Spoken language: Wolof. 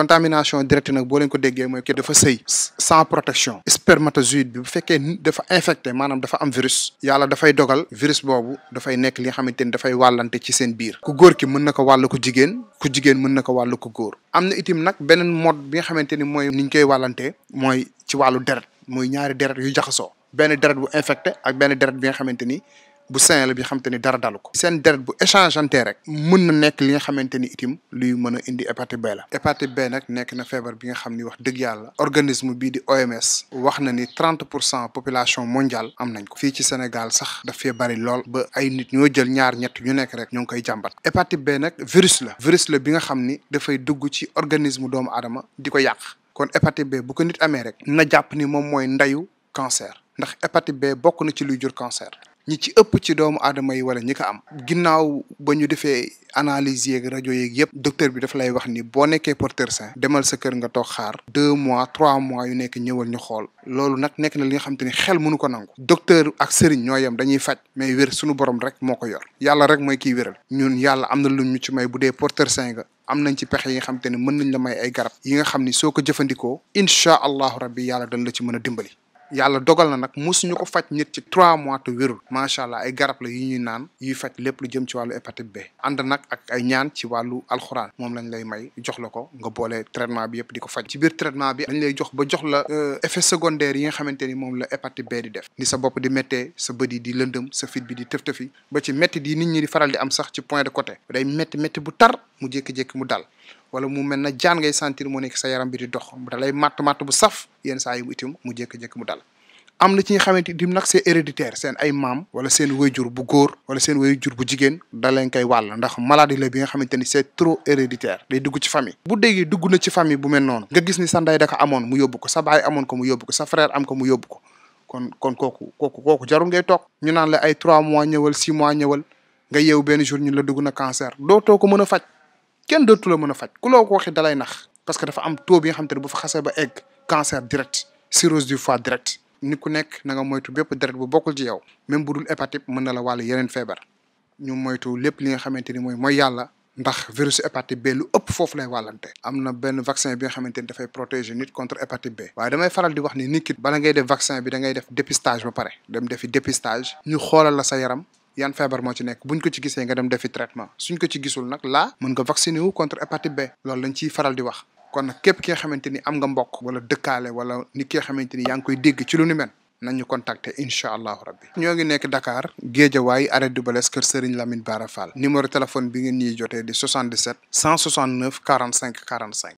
contamination directe nag boo leen ko déggee mooy que dafa sëy sans protection spermatozoïde bi bu fekkee dafa infecté maanaam dafa am virus yàlla dafay dogal virus boobu dafay nekk li nga xamante ni dafay wàllante ci seen biir ku góor ki mën na ko wàll ku jigéen ku jigéen mën na ko wàll ku góor am na itim nag beneen mode bi nga xamante ni mooy ni ñu koy wàllante mooy ci wàllu deret muy ñaari deret yu jaxasoo benn deret bu infecte ak benn deret bi nga xamante ni bu sain la bi xam te dara dalu ko seen deret bu échangeante rek mën na nekk li nga xamante ni itim luy mën a indi hépatite B la hépatite B nag nekk na feebar bi nga xam ni wax dëgg yàlla organisme bi di OMS wax na ni trente pour cent population mondiale am nañ ko fii ci Sénégal sax daf fee bari lool ba ay nit ñoo jël ñaar ñett ñu nekk rek ñoo ngi koy jàmbat hépatite B nag virus la virus la bi nga xam ni dafay dugg ci organisme doomu aadama di ko yàq kon hépatite B bu ko nit amee rek na jàpp ni moom mooy ndayu cancer ndax hépatite bokk na ci luy jur cancer ñi ci ëpp ci doomu aadama yi wala ñi ko am ginnaaw ba ñu defee analyse yeeg rajo yeeg yëpp docteur bi daf lay wax ni boo nekkee porteur sain demal sa kër nga toog xaar deux mois trois mois yu nekk ñëwal ñu xool loolu nag nekk na li nga xam te xel mënu ko nangu docteur ak sëriñ ñoo yem dañuy faj mais wér suñu borom rek moo ko yor yàlla rek mooy kiy wéral ñun yàlla am na lu ñu ci may bu dee porteur sain nga am nañ ci pexe yi nga xam te ne mën nañ la may ay garab yi nga xam ni soo ko jëfandikoo incha allahu rabbi yàlla dañ la ci mën a dimbali yàlla dogal na nag mosuñu ko faj nit ci trois mois te wérul macha allah ay garab la yu ñuy naan yuy faj lépp lu jëm ci wàllu hépatite B ànd nag ak ay ñaan ci wàllu alxuraan moom lañ lay may jox la ko nga boole traitement bi yëpp di ko faj ci biir traitement bi dañ lay jox ba jox la euh, effet secondaire yi nga xamante ni moom la hépatite B di def ni sa bopp di méttee sa bët yi di lëndëm sa fit bi di tëftëfi ba ci métti di nit ñi di faral di am sax ci point de côté day métti métti bu tar mu jékki mu dal wala mu mel na jaan ngay sentir mu sa yaram bi di dox mu dalay matt matt bu saf yenn saa yi mu itam mu jékki-jékki mu dal. am na ci nga xamante itam nag c'est héréditaire seen ay maam wala seen wayjur bu góor wala seen wayjur bu jigéen da leen koy wàll ndax maladie la bi nga xamante ni c'est trop héréditaire day dugg ci famille bu déggee dugg na ci famille bu mel noonu nga gis ni sa ndey da amoon mu yóbbu ko sa baay amoon ko mu yóbbu ko sa frère am ko mu yóbbu ko kon kon kooku kooku kooku jarul ngay toog ñu naan la ay trois mois ñëwal six mois ñëwal nga yeew benn jour ñu la dugg na cancer dootoo ko mën a kenn dootu mën a faj ku la ko waxee nax parce que dafa am taux bi nga xam te ne bu fa xasee ba egg cancer direct cirrhose du foie direct nit ku nekk na nga moytu bépp deret bu bokkul ci yow même bu dul mën na la wàll yeneen feebar ñu moytu lépp li nga xamante ni mooy mooy yàlla ndax virus hépatite B lu ëpp foofu lay wàllante am na benn vaccin bi nga xamante ni dafay protéger nit contre hépatite B waaye damay faral di wax ni nit bala ngay def vaccin bi da ngay def ba pare dem defi dépistage ñu xoolal la sa yaram yan feebar moo ci nekk buñ ko ci gisee nga dem defi traitement suñ ko ci gisul nag laa mën nga vacciner wu contre hépatite B loolu lañ ciy faral di wax kon nag képp ki xamante ni am nga mbokk wala dëkkaale wala nit ki nga xamante ni yaa ngi koy dégg ci lu ni mel nañu contacter incha allahu rabbi ñoo ngi nekk Dakar Géejawaay arrêt du Balès kër Serigne Lamine Bara Fall numéro téléphone bi ngeen ñuy jotee di 77 169 45 45